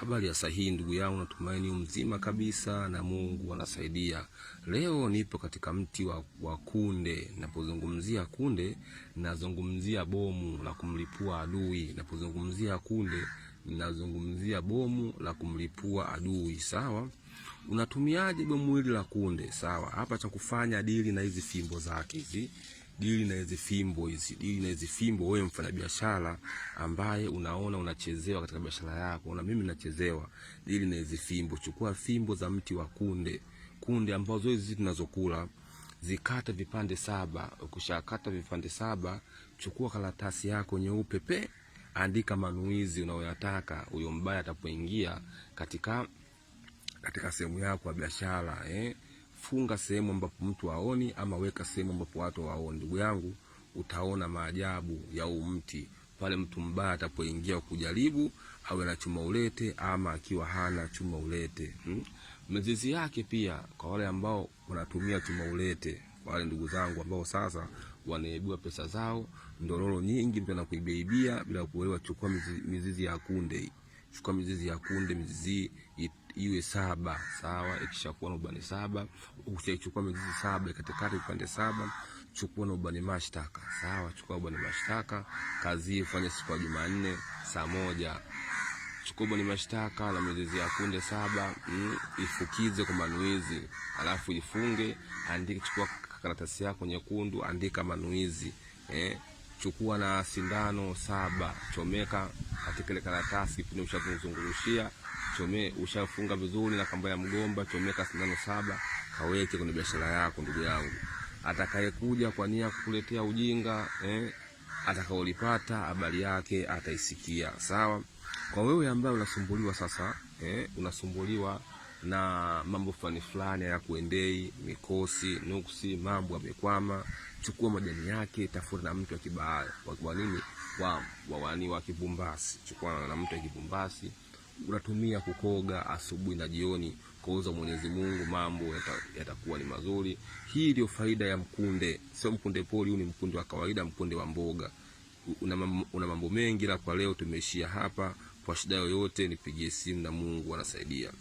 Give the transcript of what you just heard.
Habari ya sahihi ndugu yangu, natumaini mzima kabisa na Mungu anasaidia. Leo nipo katika mti wa, wa kunde. Napozungumzia kunde, nazungumzia bomu la kumlipua adui. Napozungumzia kunde, nazungumzia bomu la kumlipua adui. Sawa, unatumiaje bomu hili la kunde? Sawa, hapa cha kufanya dili na hizi fimbo zake hizi Dili na hizi fimbo hizi, dili na hizi fimbo. Wewe mfanyabiashara ambaye unaona unachezewa katika biashara yako, na mimi nachezewa, dili na hizi fimbo. Chukua fimbo za mti wa kunde, kunde ambazo hizi tunazokula, zikata vipande saba. Ukishakata vipande saba, chukua karatasi yako nyeupe pe, andika manuizi unayoyataka. Huyo mbaya atapoingia katika katika sehemu yako ya biashara eh funga sehemu ambapo mtu haoni, ama weka sehemu ambapo watu waoni. Ndugu yangu, utaona maajabu ya huu mti pale mtu mbaya atapoingia kujaribu, awe na chuma ulete, ama akiwa hana chuma ulete hmm? Mizizi yake pia, kwa wale ambao wanatumia chuma ulete, wale ndugu zangu ambao sasa wanaibua pesa zao ndororo nyingi, mtu anakuibiaibia bila kuelewa. Chukua mizizi ya kunde chukua mizizi ya kunde, mizizi iwe saba, sawa. Ikishakuwa na ubani saba, ukichukua mizizi saba katikati, upande saba, chukua na ubani mashtaka, sawa. Chukua ubani mashtaka, kazi ifanye siku ya Jumanne saa moja. Chukua ubani mashtaka na mizizi ya kunde saba, mm, ifukize kwa manuizi, alafu ifunge, andike, chukua karatasi yako nyekundu, andika manuizi eh chukua na sindano saba, chomeka katika ile karatasi pindi ushazungurushia, chome ushafunga vizuri na kamba ya mgomba, chomeka sindano saba, kaweke kwenye biashara yako, ndugu yangu. Atakayekuja kwa nia kukuletea ujinga eh, atakaolipata habari yake ataisikia. Sawa? Kwa wewe ambaye unasumbuliwa sasa, eh, unasumbuliwa na mambo fulani fulani ya kuendei mikosi, nuksi, mambo yamekwama, chukua majani yake, tafuta na mtu wa kibaya wa nini, wa wani wa kibumbasi, chukua na mtu wa kibumbasi, unatumia kukoga asubuhi na jioni, kuuza Mwenyezi Mungu, mambo yatakuwa yata ni mazuri. Hii ndio faida ya mkunde, sio mkunde poli, huu ni mkunde wa kawaida, mkunde wa mboga. Una mambo mengi, na kwa leo tumeishia hapa. Kwa shida yoyote nipigie simu na Mungu anasaidia.